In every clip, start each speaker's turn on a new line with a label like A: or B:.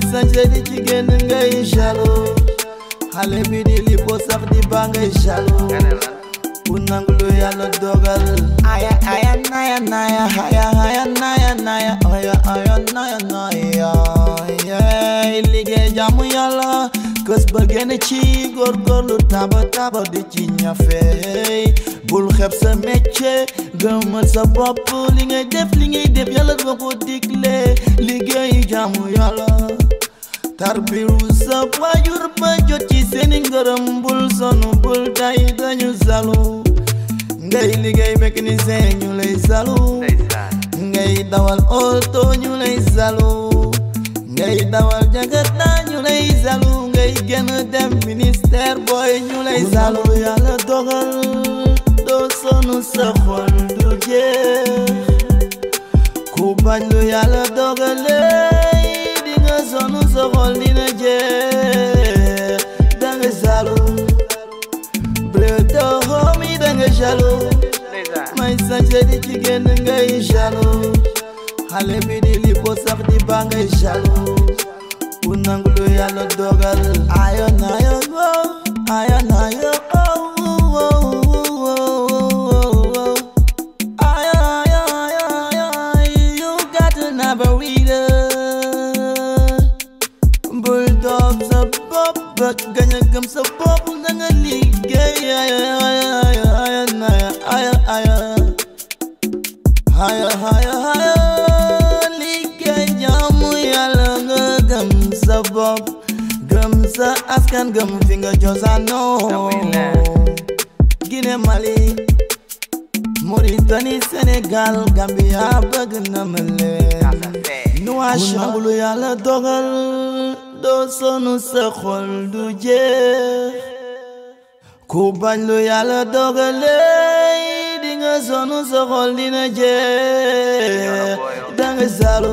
A: sancedi ci génn ngay jalo xale bi di li ko sax di ba ngay jalo ku nangu lu yàlla dogal aya aya naya naya aya aya naya naya oya oya naya naya liggéey jamu yàlla kës ba génn ci góorgóorlu taba taba di ci ñafey bul xeeb sa métier gëmal sa bopp li ngay def li ngay def yàlla dama ko digle liggéeyu jaamu yàlla tarbiru sa waajur ba jot ci seeni ngërëm bul sonu bul day dañu salu ngay liggéey mécanicien ñu lay salu ngay dawal oto ñu lay salu ngay dawal jakarta ñu lay salu dey génn dem ministère booy ñu lay sàllu yàlla dogal doo sonu sa xol du jeex ku bañ lu yàlla dogale di nga sonu sa xol dina jeex da nga bleu bredo xoom yi da nga jalo may sañse di ci génn ngay jalo xale bi di li ko sax di ba ngay unangulo ya lo dogal ayo na yo go ayo na yo oh oh bulldogs up up but ganya gam sa pop nanga lige ayo ayo la bopp gëm sa askan gëm fi nga cosaanoo Guinée Mali Mauritania, Sénégal Gambia Burkina, na ma leen nuwaas nangu lu dogal doo sonu sa xol du jeex ku bañ lu yàlla sonu sa xol dina jeex danga salu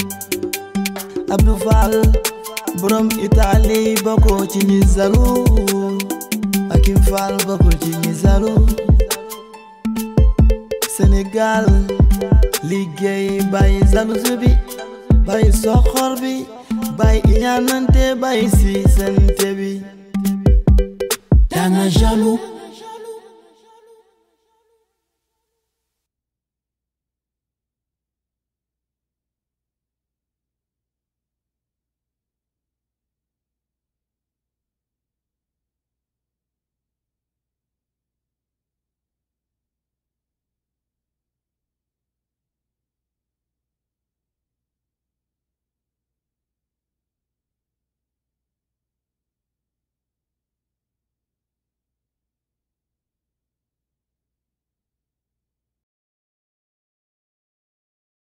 A: Abdou Fall borom Italie bokkoo ci ñi zalu Akim Fall bokkul ci ñi zalu Sénégal liggéey bàyyi jalousie bi bàyyi soxor bi bàyyi iñaanante bàyyi siisante bi danga jaloux